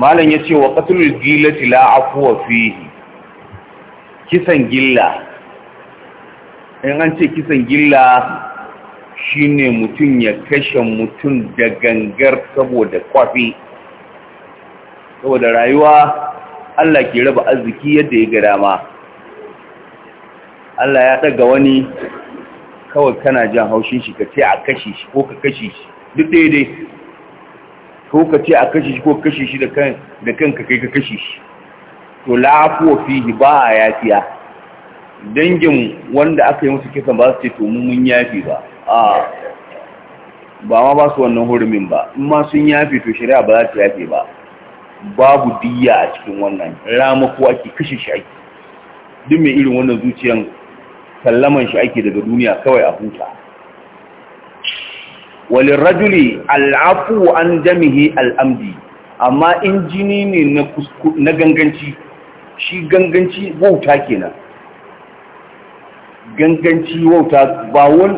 malam ya ce wa ƙasar gilati la'afuwa fihi kisan gilla in an ce kisan gilla shine mutum ya kashe mutum da gangar saboda kwafi saboda rayuwa Allah ke raba arziki yadda ya ga dama Allah ya daga wani kawai kana jan haushin shi ka ce a kashe shi ko ka kashe shi duk daidai ka ce a kashe shi ko kashe shi da kanka kai ka kashe shi to lafuwa fihi ba a yafiya dangin wanda aka yi musu kisan ba su ce to mun yafi ba a ba ma ba su wannan hurumin ba in ma sun yafi to shari'a ba za ta yafi ba babu diya a cikin wannan ramako ake kashe shi ake duk mai irin wannan zuciyan sallaman shi ake daga duniya kawai a huta walirajuli al'afu an jamihi al'amdi amma in jini ne na ganganci shi ganganci wauta kenan ganganci wauta ba wani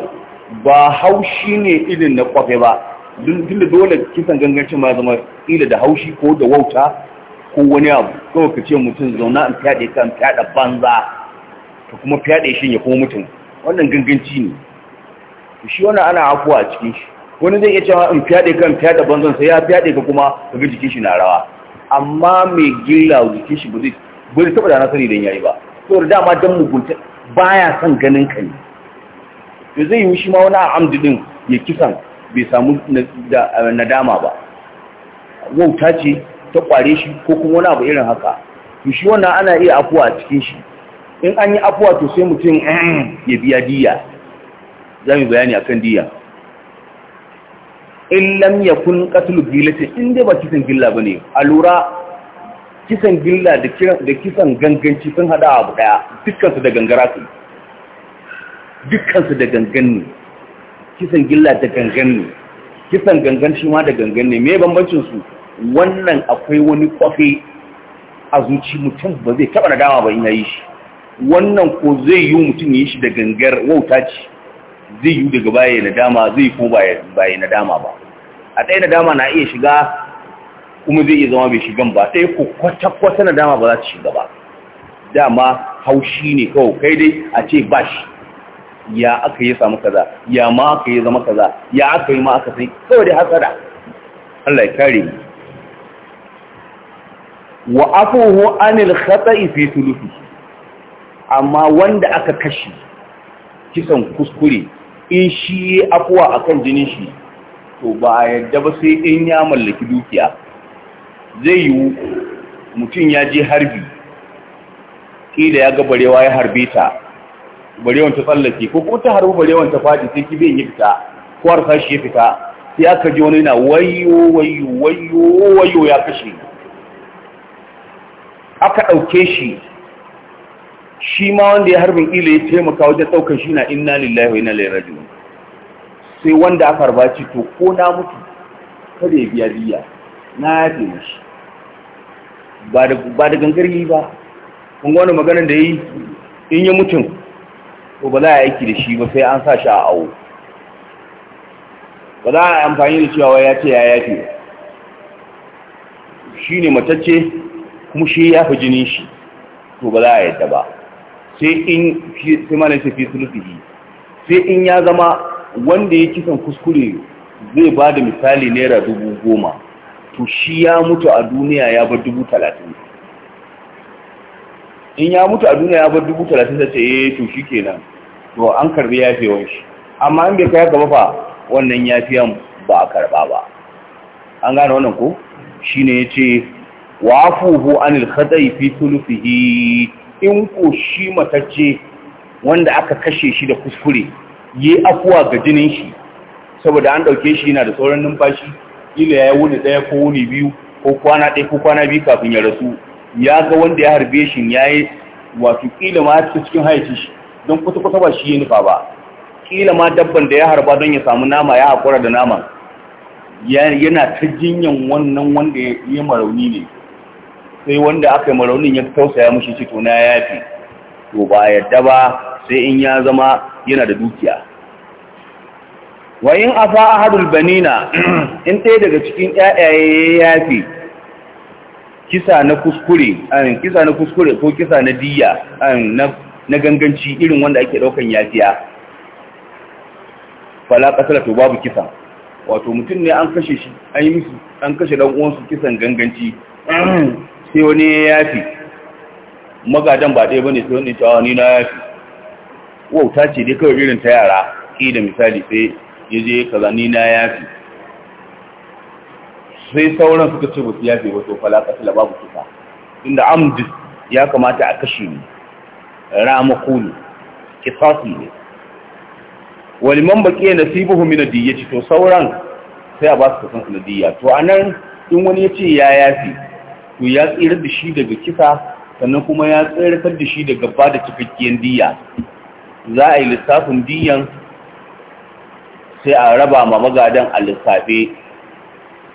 ba haushi ne irin na kwafe ba duk da dole kisan gangancin ma zama ila da haushi ko da wauta ko wani abu kawai ka ce mutum zauna in fyaɗe kan fyaɗa banza ta kuma fyaɗe shi ya kuma mutum wannan ganganci ne shi wani ana afuwa a cikin shi wani zai iya cewa in fyaɗe kan da banzan sai ya fyaɗe ka kuma ga jikin shi na rawa amma mai gilla jikin shi ba zai taɓa da nasari don yayi ba to da dama don mugunta baya son ganin ka ne to zai yi shi ma wani amdi din ya kisan bai samu nadama ba wauta ce ta kware shi ko kuma wani abu irin haka to wannan ana iya afuwa a cikin shi in an yi afuwa to sai mutum eh, ya biya diya za mu bayani akan diya in lam yakun qatl gilatin in dai ba kisan gilla bane a lura kisan gilla da da kisan ganganci sun hada abu daya dukkan su da gangara su dukkan su da gangan ne kisan gilla da gangan ne kisan gangan shi ma da gangan ne me bambancin su wannan akwai wani kwafe a zuci mutum ba zai taba dama ba in yayi shi wannan ko zai yi mutum yi shi da gangar wauta ce zai yi daga baya na dama, zai ko baya dama ba a ɗaya dama na iya shiga kuma zai iya zama bai shigan ba ɗaya ko kwata-kwata na dama ba za ta shiga ba dama haushi ne kawo. kai dai a ce ba shi ya aka yi samu kaza ya ma aka yi zama kaza ya aka yi ma aka sai kawai dai hasada Allah ya kare mu wa afuhu anil khata'i fi thuluthi amma wanda aka kashi kisan kuskure in shi ya afuwa kan jinin shi to ba a yadda ba sai in ya mallaki dukiya zai yiwu mutum ya je harbi ƙila ya ga barewa ya harbe ta barewan ta tsallake ko kuma ta harbi barewan ta faɗi sai ki kibe yi fita ko har shi ya fita sai aka ji wani na wayo wayo wayo wayo ya kashe aka ɗauke shi shi ma wanda ya harbin ilo ya taimaka wajen ɗaukar shi na inna lillahi wa inna ilaihi sai wanda aka harba ci to ko na mutu kada ya biya biya, na yafe mashi ba da ba da gangari ba kun wani maganar da yi in ya mutum to ba za a aiki da shi ba sai an sa shi a awo ba za a amfani da cewa ya ce ya yafe shi ne matacce kuma shi ya fi jinin shi to ba za a yadda ba sai in sai sai in ya zama wanda ya kisan kuskure zai ba da misali naira dubu goma to shi ya mutu a duniya ya bar dubu talatin in ya mutu a duniya ya bar dubu talatin da ce eh, to shi kenan to an karbi fi shi amma an bai kai gaba fa wannan yafiyan ba a karba ba an gane wannan ko shine yace wa afuhu anil khata'i fi thuluthihi in ko shi matacce wanda aka kashe shi da kuskure yi afuwa ga jinin shi saboda an ɗauke shi yana da tsoron numfashi ila ya wuni ɗaya ko wuni biyu ko kwana ɗaya ko kwana biyu kafin ya rasu ya ga wanda ya harbe shi ya yi wato ƙila ma ya cikin haici shi don kusa-kusa ba shi ya nufa ba ƙila ma dabban da ya harba don ya samu nama ya haƙura da nama yana ta jinyan wannan wanda ya yi marauni ne sai wanda aka yi maraunin ya tausaya mushi cito to na yafi to ba a yadda ba sai in ya zama yana da dukiya wa a afa hadul banina in ɗaya daga cikin ƴaƴaye ya fi kisa na kuskure an kisa na kuskure ko kisa na diya an na ganganci irin wanda ake ɗaukan yafiya fala ƙasar to babu kisa wato mutum ne an kashe shi an yi an kashe uwansu kisan ganganci sai wani ya yafi magadan ba ɗaya bane sai wani cewa ah, wani na yafi wauta ce dai kawai irin ta yara ki da misali sai ya je kaza ni na yafi sai sauran suka ce wasu yafi wato falakasila babu kisa inda amdis ya kamata a kashe ni ramaku ne kisasi ne waliman baƙi nasibuhu min adiyyaci to sauran sai a ba su kasan sanadiyya to anan in wani ya ce ya yafi to ya tsira da shi daga kisa sannan kuma ya tsirkar da shi daga ba da cikakkiyar diya za a yi lissafin diyan sai a raba ma magadan a lissafe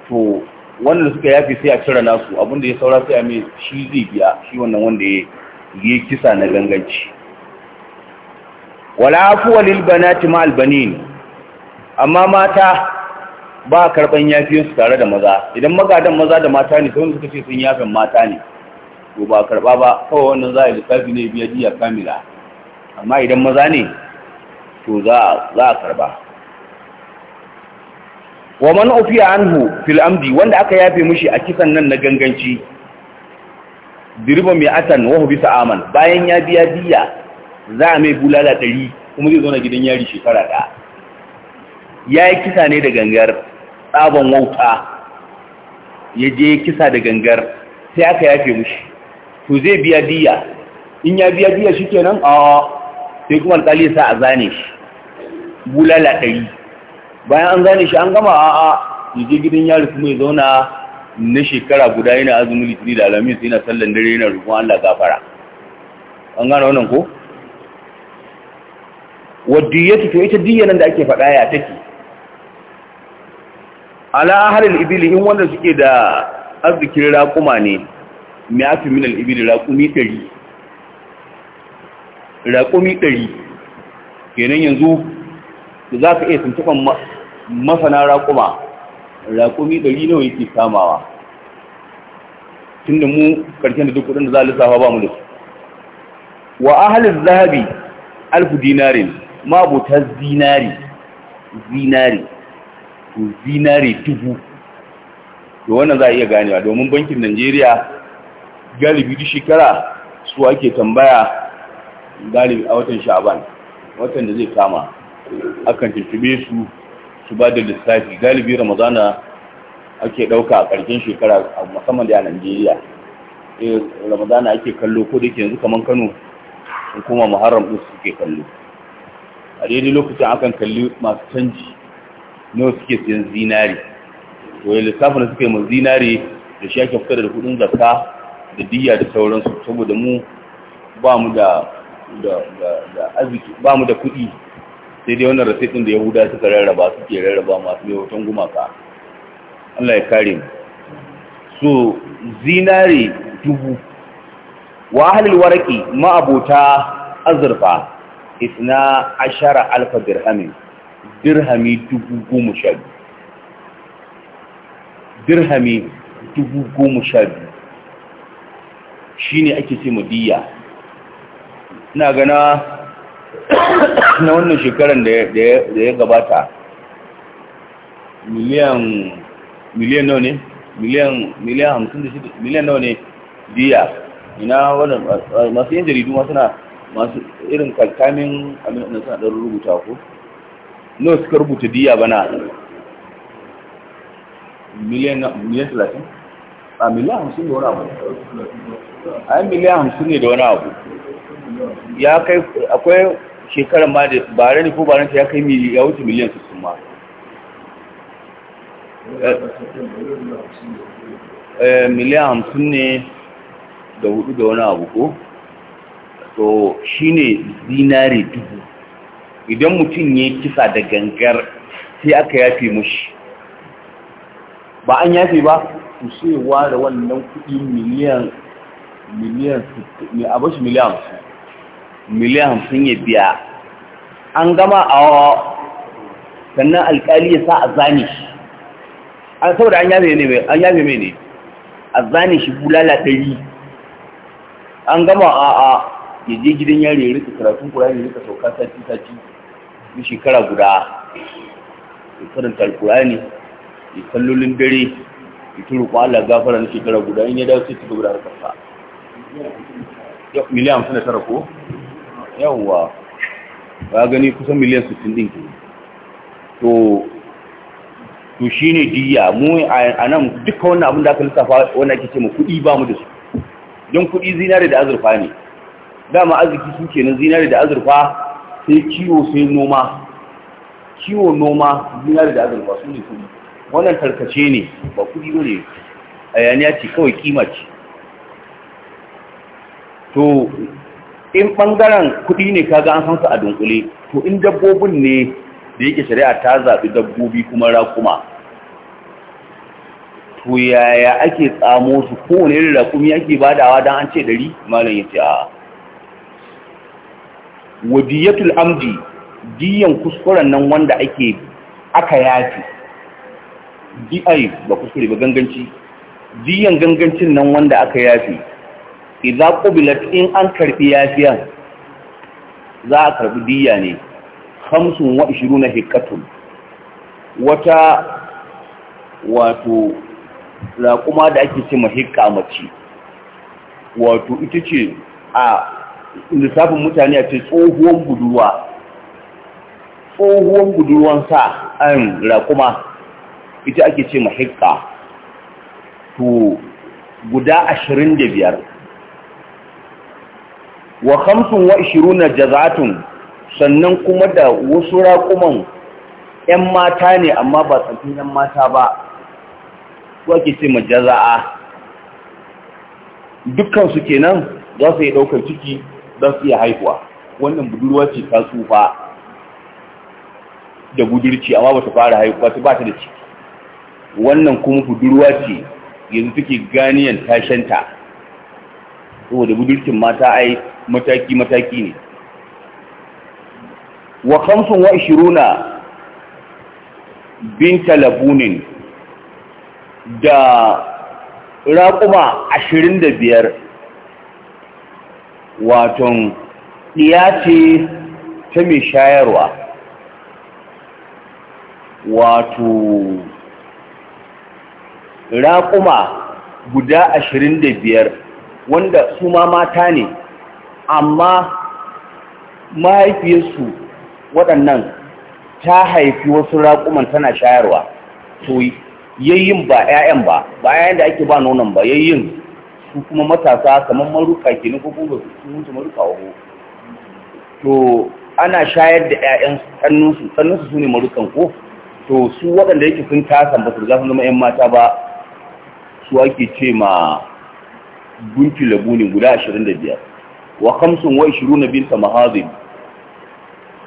to wanda suka yafi sai a cire nasu abinda ya saura sai a mai shi zai biya shi wannan wanda ya yi kisa na ganganci wala afuwa lil banati ma albanin amma mata ba a karɓan yafiyarsu tare da maza idan magadan maza da mata ne sai suka ce sun yafe mata ne to ba a karɓa ba kawai wannan za a yi lissafi ne biya jiya kamila amma idan maza ne to za a karɓa wa man ufiya anhu fil amdi wanda aka yafe mishi a kisan nan na ganganci diriba mai atan wahu bisa aman bayan ya biya diya za a mai bulala ɗari kuma zai zo na gidan yari shekara ɗaya ya yi kisa ne da gangar tsaban wauta ya je kisa da gangar sai aka yafe mushi to zai biya diya in ya biya diya shi kenan a sai kuma alƙali sa a zane shi bulala ɗari bayan an zane shi an gama a a ya je gidan yari kuma ya zauna na shekara guda yana azumin litini da alamis yana sallan dare yana rufin allah gafara an gane wannan ko wadda ya to ita diya nan da ake faɗa ya take ala ahalil ibili in wanda suke da arzikin raƙuma ne mai afi minal ibili raƙumi ɗari raƙumi ɗari kenan yanzu da za ka iya tuntuɓan masana raƙuma raƙumi ɗari nawa yake samawa tun da mu ƙarshen da duk kudin da za a lissafa ba mu da su wa ahalin zahabi alfu dinarin ma ta zinari zinari wato zinare dubu to wannan za a iya ganewa domin bankin najeriya galibi duk shekara su ake tambaya galibi a watan sha'aban watan da zai kama akan tuntube su su ba da lissafi galibi ramadana ake ɗauka a ƙarshen shekara a musamman da a najeriya eh, ramadana ake kallo ko da ke yanzu kamar kano kuma muharram ɗin suke kallo a daidai lokacin akan kalli masu canji nawa suke siyan zinari to ya lissafin da suka yi mu zinari da shi ake fitar da kudin zakka da diya da sauransu saboda mu ba mu da da kuɗi sai dai wannan rasitin da yahuda suka rarraba suke rarraba masu mai hoton gumaka Allah ya kare mu so zinari dubu Wahalil ahlul ma'abota ma abota azurfa isna ashara alfa dirhamin dirhami dubu goma sha biyu dirhami dubu goma sha biyu shi ne ake ce madiya na gana na wannan shekarar da ya gabata miliyan miliyan nau ne miliyan miliyan hamsin da shida miliyan nau ne diya ina wannan masu yin jaridu masu na masu irin kalkamin amina suna ɗan rubuta ko no suka rubuta diya bana miliyan talatin a miliyan hamsin a miliyan hamsin ne da wani abu ya kai akwai shekarar ma da bare ne ko bare ya kai ya wuce miliyan 60 ma eh, eh, miliyan hamsin ne da hudu da wani abu ko to shi ne zinare dubu idan mutum ya kisa da gangar sai aka yafe mushi ba an yafe ba su sai ware wannan kudi miliyan miliyan a bashi miliyan miliyan hamsin ya biya an gama a sannan alkali ya sa a zane shi an saboda an yafe ne an yafe mai ne a zane shi bulala ɗari an gama a a ya je gidan yare ya rika karatun kura ya rika sauka sati sati yi shekara guda ya karanta alkurani ya kallolin dare ya turu ko Allah gafara na shekara guda in ya dawo sai tuka guda harkarsa miliyan suna tara ko yawwa ba gani kusan miliyan 60 din ke to to shine diya mu a nan duka wannan abin da aka lissafa wannan ake ce mu kuɗi ba mu da su don kuɗi zinare da azurfa ne dama arziki su kenan zinare da azurfa sai kiwo sai noma kiwo noma zinari da azurfa su ne kudi wannan tarkace ne ba kudi ba ne a yaniya ce kawai kima ce to in bangaren kudi ne ka ga an sansa a dunkule to in dabbobin ne da yake shari'a ta zaɓi dabbobi kuma rakuma to yaya ake tsamo su kowane irin rakumi ake badawa don an ce ɗari malam ya ce a wadiyatul amdi diyan kuskuren nan wanda ake aka yafi di'ai ba kuskure ba ganganci diyan gangancin nan wanda aka yafi idza qubilat in an karbi yafiyan za a karbi diya ne 25 hikatun wata wato kuma da ake ce mahikka mace wato ita ce a lissafin mutane a ce tsohuwan budurwa tsohuwan budurwan sa an rakuma ita ake ce mahaiƙa to guda ashirin da biyar wa hamsin wa na jazatun sannan kuma da wasu raƙuman 'yan mata ne amma ba tsafin 'yan mata ba su ake ce ma jaza'a dukkansu kenan za su yi ɗaukar ciki za su iya haihuwa wannan budurwa ce ta tsufa da budurci amma ba ta fara haihuwa ta ba ta da ciki wannan kuma budurwa ce yanzu take ganiyan tashenta saboda budurcin mata ai mataki-mataki ne wa kamsun wa ishiruna binta labunin da raƙuma ashirin da biyar waton ɗiya ce ta mai shayarwa wato raƙuma guda ashirin da biyar wanda su ma mata ne amma mahaifiyarsu waɗannan ta haifi wasu raƙuman tana shayarwa to yayin ba 'ya'yan ba ba 'ya'yan da ake ba nonon ba yayin su kuma matasa kamar maruka ke na kuma ba su maruka wa to ana shayar da 'ya'yan tsannunsu tsannunsu su ne marukan ko to su waɗanda yake sun tasa ba su riga zama 'yan mata ba su ake ce ma gunki guda ashirin guda 25 wa kamsun wa na binta mahazin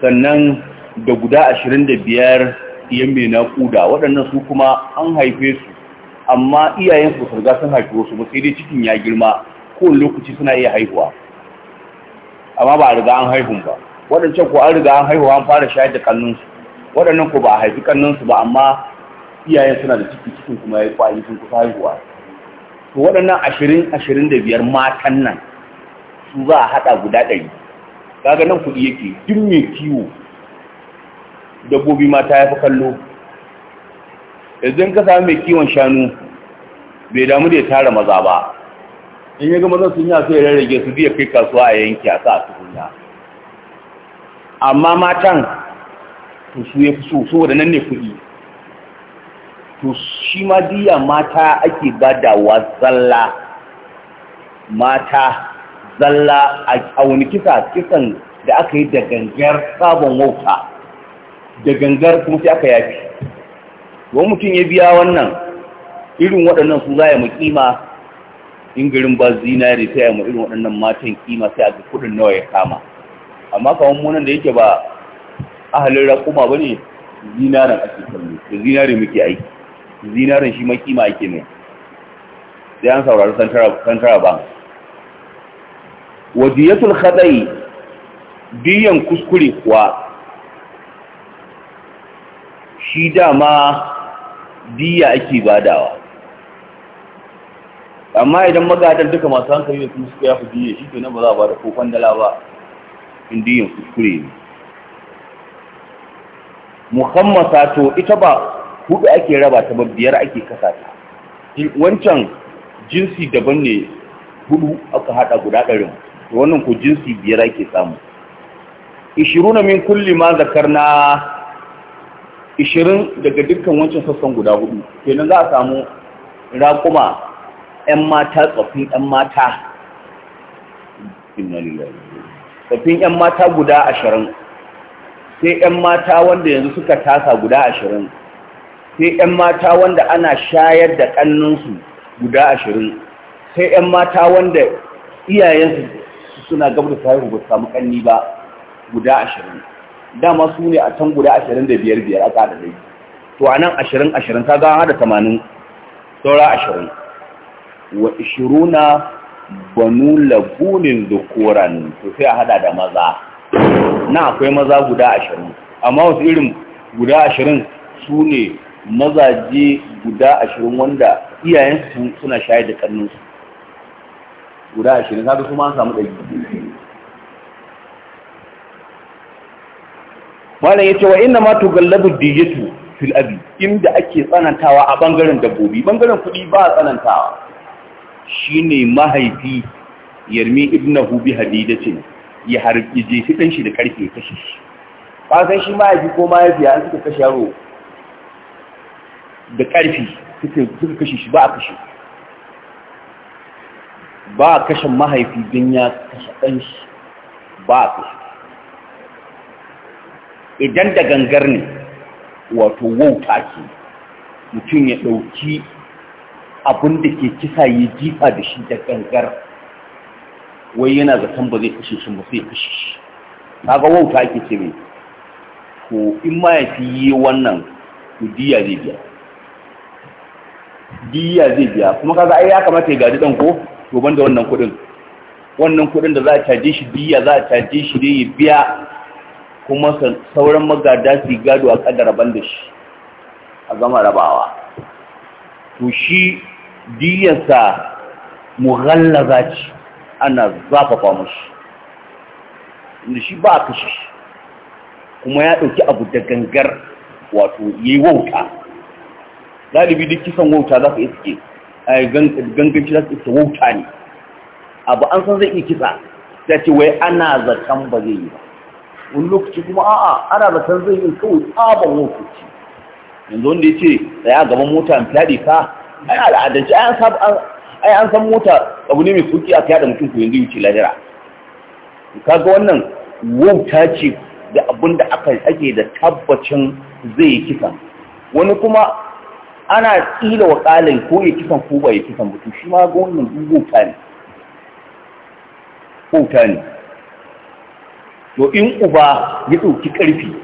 sannan da guda 25 yan mai naƙuda waɗannan su kuma an haife su amma iyayen su riga sun haifi wasu ba sai dai cikin ya girma ko lokaci suna iya haihuwa amma ba a riga an haihun ba waɗancan ko an riga an haihuwa an fara shayar da kannunsu waɗannan ko ba a haifi kannunsu ba amma iyayen suna da ciki cikin kuma ya yi kwali sun kusa haihuwa to waɗannan ashirin ashirin da biyar matan nan su za a haɗa guda ɗari kaga nan kuɗi yake duk mai kiwo dabbobi mata ya fi kallo Idan ka sami mai kiwon shanu bai damu da ya tara maza ba in ya gama maza sun yi so ya rarrage su zai kai kasuwa a yanki a sa a tukunya amma matan to su ya fi so da nan ne kuɗi to shi ma diya mata ake wa zalla mata zalla a wani kisa kisan da aka yi da gangar sabon wauta da gangar kuma sai aka yafi wani mutum ya biya wannan irin waɗannan su za yi mu kima in garin ba zinari ta yi mu irin waɗannan matan kima sai a ga kuɗin nawa ya kama amma kawon munan da yake ba ahalin rakuma ba ne zinarin ake kallo da zinari muke aiki zinarin shi ma kima ake mai sai an saurari santara ba wadiyatul khadai biyan kuskure kuwa shi dama diya ake badawa amma idan magadan duka masu hankali da kuma suka yafi diya shi kenan ba za a bada ko kwandala ba in diyan kuskure ne muhammasa to ita ba hudu ake raba ta ba biyar ake kasa ta wancan jinsi daban ne hudu aka hada guda ɗarin wannan ko jinsi biyar ake samu ishiruna min kulli ma zakarna ishirin daga dukkan wancan sassan guda hudu kenan za a samu raƙuma 'yan mata tsoffin 'yan mata tsoffin 'yan mata guda ashirin, sai 'yan mata wanda yanzu suka tasa guda ashirin, sai 'yan mata wanda ana shayar da ƙannunsu guda ashirin, sai 'yan mata wanda iyayensu suna gabata haihu ba samu ƙanni ba guda ashirin. dama su ne a can guda ashirin da biyar dai to a nan ashirin ashirin ka gawa da tamanin saura ashirin wa ishiruna banu labunin zukuran to sai a hada da maza na akwai maza guda ashirin amma wasu irin guda ashirin su ne mazaje guda ashirin wanda iyayensu suna shayar da kannunsu guda ashirin kaga su ma samu ɗari malam ya ce, wa inna ma tugallabu diyatu fil abi inda ake tsanantawa a bangaren dabbobi bangaren kudi ba tsanantawa shine mahaifi yarmi ibnahu bi hadidatin ya harbi je shi dan shi da karfe kashe shi ba san shi mahaifi ko mahaifiya an suka kashe yaro da karfi suka suka kashe shi ba a kashe ba a kashe mahaifi dan ya kashe dan shi ba a kashe idan da gangar ne wato wauta ce mutum ya ɗauki abin da ke kisa ya jifa da shi da gangar wai yana zaton ba zai kashe shi ba sai kashe shi kaga wauta ake ce mai ko in ma ya fi yi wannan to diya zai biya diya zai biya kuma kaza, ai ya kamata ya gadi dan ko to ban da wannan kuɗin wannan kuɗin da za a caje shi diya za a caje shi dai ya biya kuma sauran magada su gado a kadar ban da shi a gama rabawa to shi diyarsa za ce ana zafafa mashi inda shi ba a kashe shi kuma ya ɗauki abu da gangar wato yi wauta galibi duk kisan wauta za ka iske A ganganci za ka iske wauta ne abu an san zai iya kisa ta ce wai ana zaton ba zai yi ba wani lokaci kuma a'a ana san zai yi kawai tsaban lokaci yanzu wanda ya ce tsaya gaban mota in fyaɗe ka ai al'adance ai an san mota abu ne mai kuki a da mutum ko yanzu wuce lahira ga wannan wauta ce da abin da aka ake da tabbacin zai yi kisan wani kuma ana tsila wa ƙalai ko ya kisan ko ba ya kisan mutum shi ma ga wannan wauta ne to in uba ya ɗauki ƙarfi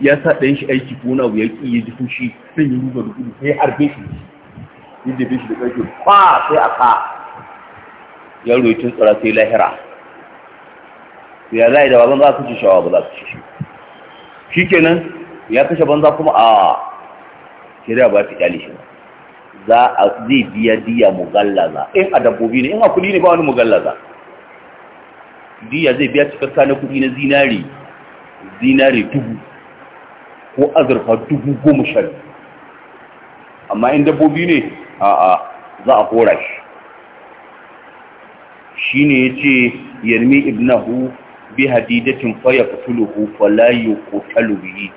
ya sa ɗan shi aiki ko na ki ya ji fushi sai ya ruba da gudu sai harbe shi Inda bai shi da ƙarfi kwa sai a ka yaro ya cin tsara sai lahira ya za da ba za su kashe shawa ba za su ci shi kenan ya kashe banza kuma a shirya ba ta kyale shi za a zai biya diya mugallaza in a dabbobi ne in a kudi ne ba wani mugallaza diya zai biya cikakka na kuɗi na zinare zinare dubu ko azurfa dubu goma sha amma in dabbobi ne a'a za a kora shi shi ne ya ce yarmi ibnahu bi hadidatin faya kutuluhu falayu ko talubi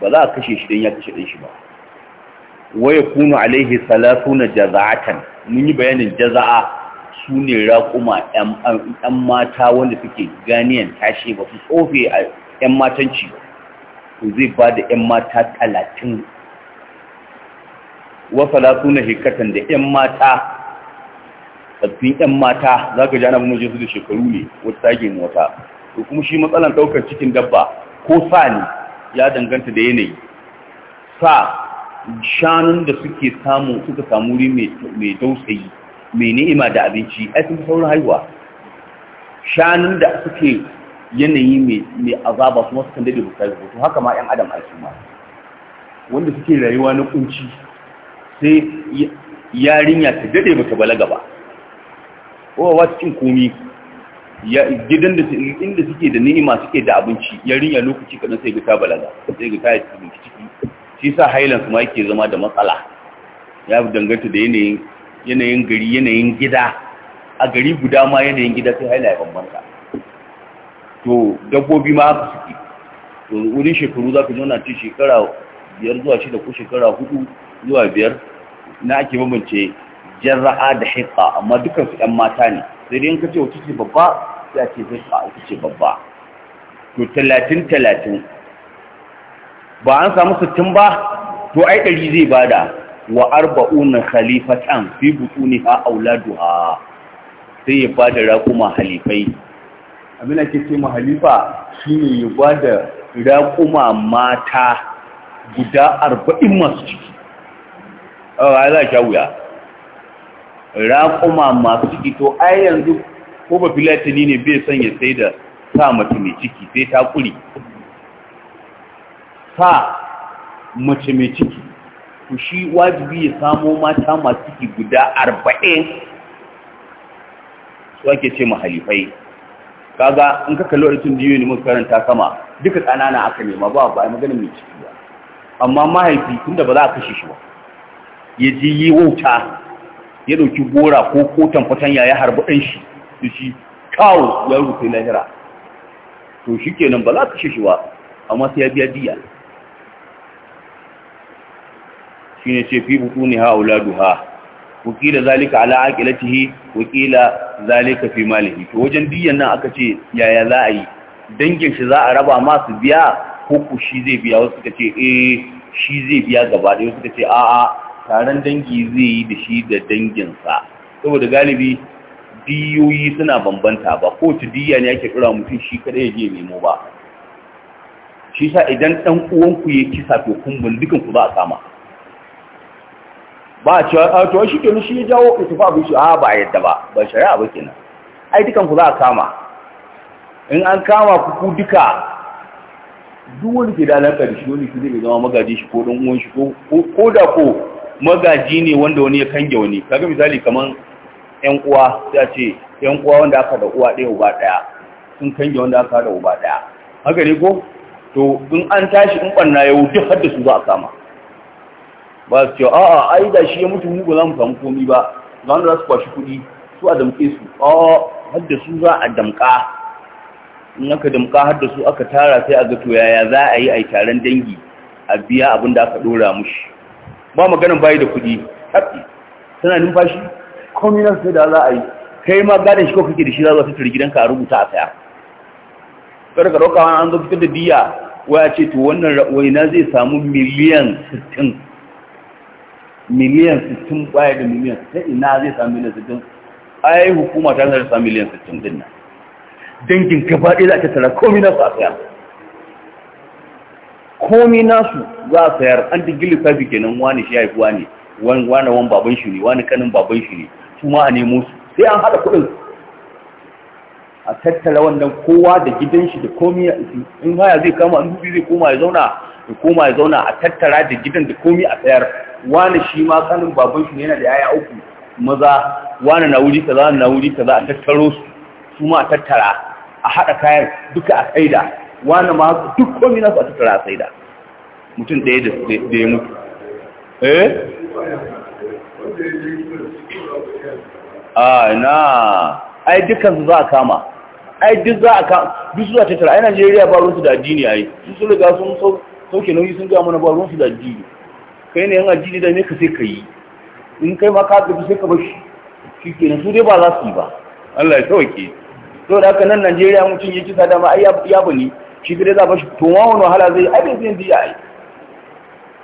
ba za a kashe shi don ya kashe ɗin shi ba waya kunu alaihi salatu na jaza'atan mun yi bayanin jaza'a su ne raƙuma ‘yan mata wanda suke ganiyan tashe ba su tsofe a ‘yan matanci ba, zai ba da ‘yan mata talatin wasala na hikatan da ‘yan mata tsaffin ‘yan mata za ka jana mamaje su da shekaru ne wata tage wata to kuma shi matsalan ɗaukar cikin dabba ko sa ne ya danganta da yanayi sa shanun da suke samu suka samu wuri mai dausayi mai ni'ima da abinci ai sun saurin haihuwa shanun da suke yanayi mai azaba kuma su kandade da sai to haka ma 'yan adam ai su ma wanda suke rayuwa na kunci sai yarinya ta dade ta balaga ba kowa wa cikin komi ya gidan da inda suke da ni'ima suke da abinci yarinya lokaci kadan sai ga ta balaga sai ga ta yi ciki shi sa hailan kuma yake zama da matsala ya danganta da yanayin yanayin gari yanayin gida a gari guda ma yanayin gida sai haila ya bambanta to dabbobi ma haka suke to wurin shekaru za ka nuna ce shekara biyar zuwa shida ko shekara hudu zuwa biyar na ake bambance jarra'a da haifa amma dukkan su ɗan mata ne sai dai in ka ce wata ce babba sai a ce haifa ita ce babba to talatin talatin ba an samu sittin ba to ai ɗari zai bada wa arba'una khalifatan fi butuniha auladuha sai ya bada raquma halifai abin da ke ce ma halifa shine ya bada raquma mata guda arba'in masu ciki a za sha wuya raƙuma masu ciki to ai yanzu ko ba filatini ne bai son ya sai da sa mace mai ciki sai ta kuri sa mace mai ciki to shi wajibi ya samo mata masu ciki guda arba'in su ake ce mahalifai kaga in ka kalli wadatun biyu ne mun karanta sama duka tsanana aka nema ba ba magana mai ciki ba amma mahaifi tun da ba za a kashe shi ba ya je yi wauta ya ɗauki gora ko kotan fatanya ya harbi ɗan shi da shi kawo ya rufe lahira to shi kenan ba za a kashe shi ba amma sai ya biya diya shine ce fi butuniha auladuha wakila zalika ala aqilatihi wakila zalika fi malihi to wajen diyan nan aka ce yaya za a yi dangin shi za a raba ma su biya ko ku shi zai biya wasu suka ce eh shi zai biya gaba ɗaya suka ce a'a taron dangi zai yi da shi da danginsa saboda galibi diyoyi suna bambanta ba ko ta diya ne ake kira mutum shi kaɗai ya je nemo ba shi sa idan ɗan uwanku ya kisa to kun dukan ku za a kama ba a cewa a ah, to shi ke shi ya jawo itifa abin shi a ah, ba a yadda ba ba shari'a ba kenan ai dukan ku za a kama in an kama ku ku duka duk wani ke da alaka da shi wani ke zai zama magaji shi ko dan uwan shi ko da ko magaji ne wanda wani ya kange wani kaga misali kaman yan uwa sai a ce yan uwa wanda aka da uwa ɗaya uba ɗaya sun kange wanda aka da uba ɗaya haka ne ko to in an tashi in ɓanna yau duk hadda su za a kama ba su ce a'a ai da shi ya mutu mu ba za mu samu komi ba za mu za su kwashi kuɗi su a damƙe su a har da su za a damƙa in aka damƙa har da su aka tara sai a ga yaya za a yi a taron dangi a biya abin da aka ɗora mushi ba maganin bayi da kuɗi haɗi tana numfashi komi na sai da za a yi kai ma gadon shi ko kake da shi za su turi gidanka a rubuta a saya kada ka ɗauka an zo fitar da diya waya ce to wannan ra'uwa na zai samu miliyan sittin miliyan 60 baya da miliyan ta ina zai sami miliyan 60 ai hukuma ta zai sami miliyan 60 din nan dangin gaba ɗaya za a tattara komi nasu a sayar komi nasu za a sayar an digi lissafi kenan wani shi ne wani wani wani baban shi ne wani kanin baban shi ne su ma a nemo su sai an haɗa kuɗin a tattara wannan kowa da gidan shi da komi in haya zai kama an dubi zai koma ya zauna ya koma ya zauna a tattara da gidan da komi a tsayar. wani shi ma kanin baban shi yana da yaya uku maza wani na wuri kaza na wuri kaza a tattaro su su ma a tattara a haɗa kayan duka a tsaida wani ma duk komi na su a tattara a tsaida mutum ɗaya da ya mutu eh a ah, na ai su za a kama ai duk za a kama duk su za a tattara ai najeriya ba rusu da addini ai su su riga sun sau sauke nauyi sun gama mana ba su da addini kai ne yan addini da ne ka sai ka yi in kai ma ka tafi sai ka bashi shi na su dai ba za su yi ba Allah ya sauke to da haka nan Najeriya mutum ya kisa dama ai ya bani shi dai za ba shi to ma wani wahala zai abin zai yi ai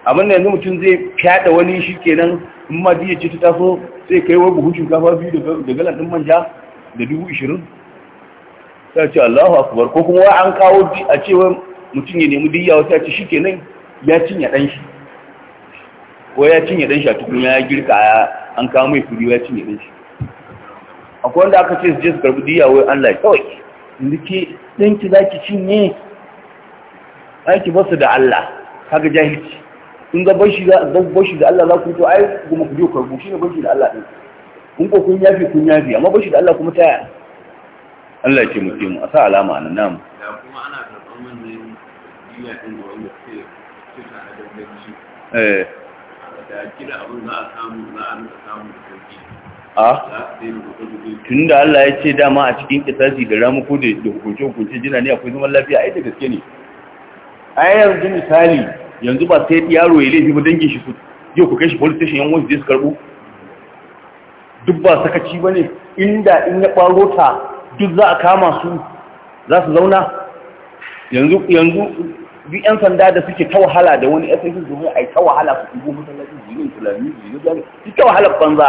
abin da yanzu mutum zai fyaɗa wani shi kenan in ma jiya ce ta taso sai kai wai buhun shinkafa biyu da galan ɗin manja da dubu ashirin? ta ce Allahu akbar ko kuma an kawo a cewa mutum ya nemi diya wata ce shikenan ya cinye dan shi ko ya cinye dan shi a tukunya ya girka an kawo mai kudi ya cinye dan shi akwai wanda aka ce su je su karbi diya wai Allah kawai yanzu ke ɗanki za ki cinye aiki basu da Allah kaga jahilci in ga bashi da Allah za ku to ai kuma ku je karbu shi ne bashi da Allah ɗin kun ko kun yafi kun yafi amma bashi da Allah kuma ta Allah ya ce mu ce mu a sa alama a nan namu tun da Allah ya ce dama a cikin kisasi eh. da ramuku da hukunce-hukunce jina ne akwai zaman lafiya ai da gaske ne a yanzu misali yanzu ba sai yaro ya laifi ba dangin shi su yau ku kai shi politishin station yan wasu su karɓo duk ba sakaci ba ne inda in ya ɓaro ta duk za a kama su za su zauna yanzu duk yan sanda da suke ta wahala da wani SSS domin a yi ta wahala su kubo masallacin jini fulani jini jami su ta wahala banza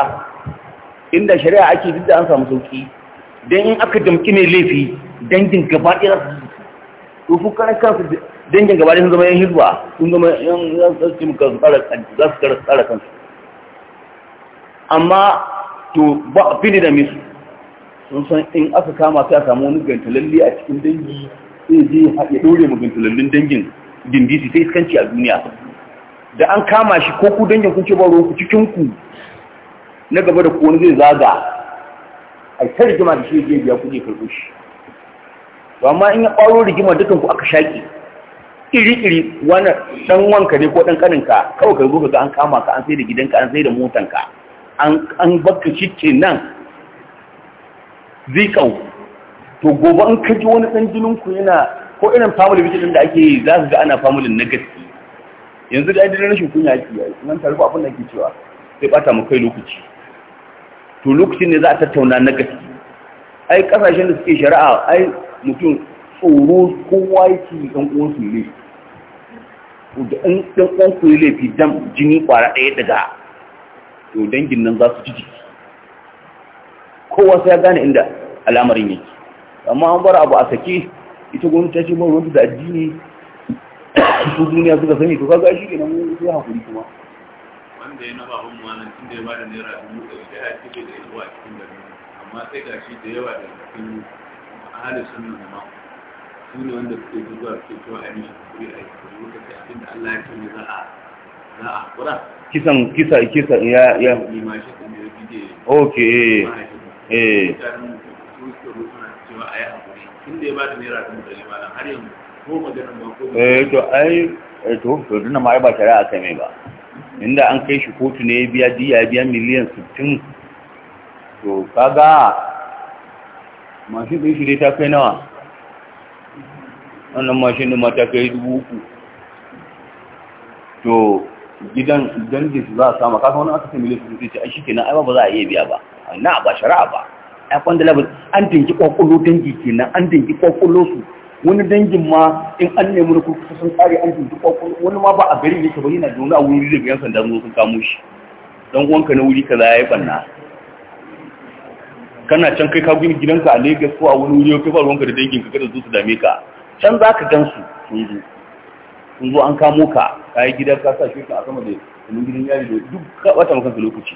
inda shari'a ake duk da an samu sauki don in aka damki mai laifi dangin gaba ɗaya su su kan kansu dangin gaba ɗaya sun zama yan hizba sun zama yan zasu za su tsara kansu amma to ba a fili da misu sun san in aka kama sai a samu wani gantalalli a cikin dangi ya je ya ɗore magantalallin dangin dindisi sai iskanci a duniya da an kama shi ko ku dangin kun ce ba ku cikin ku na gaba da kowani zai zaga a ta rigima da shi ya biya kuɗi karɓo shi Ba ma in ya ɓaro rigima dukan ku aka shaƙi iri-iri wani ɗan wanka ne ko ɗan ƙaninka kawai ka ga an kama ka an sai da gidanka an sai da motanka an baka shi nan zai ƙau. to gobe an kaji wani dan jinin ku yana ko irin family visit din da ake yi za su ga ana family na gaske yanzu da idan rashin kunya ake yi nan tare abin da ke cewa sai bata mu kai lokaci to lokacin ne za a tattauna na gaske ai kasashen da suke shari'a ai mutum tsoro kowa yake dan uwan su ne da in dan uwan ku fi dan jini kwara ɗaya daga to dangin nan za su ji kowa sai ya gane inda al'amarin yake amma an bar abu a sake ita gwamnati ce ba ruwanta da addini su duniya suka sani to kaga shi kenan mun sai hakuri kuma wanda ya naba hun wannan nan da ya bada naira dubu ɗari da ya cike da ita a cikin gari amma sai ga shi da yawa da cikin ahalin sunna ma su ne wanda suke zuwa suke cewa a yi mishi hakuri a yi lokaci abin da Allah ya ce ne za a za a kura kisan kisa kisa ya ya ma shi okay eh eh ma a yi inda ya ba da naira har yanzu ko ba ko eh to ai eh, to to dinna ma ai ba shari'a kai mai ba inda an kai shi kotu ne ya biya diya ya biya miliyan 60 to kaga mashin ɗin shi dai ta kai nawa wannan mashin ɗin ma ta kai dubu uku to gidan gidan za a sama kasan wani aka sai miliyan 60 ce ai shi kenan ai ba za a iya biya ba na ba shari'a ba a kwanda labar an dinki kwakwalo dangi nan, an dinki kwakwalo su wani dangin ma in an nemi na kurkusa sun tsari an dinki kwakwalo wani ma ba a garin yake ba yana zaune a wuri da biyan sanda sun kamo shi dan uwanka na wuri kaza yi banna kana can kai ka gina gidanka a Lagos ko a wani wuri kai ba ruwanka da dangin ka kada zuwa su dame ka can za ka gan su sun zo sun zo an kamo ka kayi gidan ka sa shi a sama da gidan yari da duk wata makansa lokaci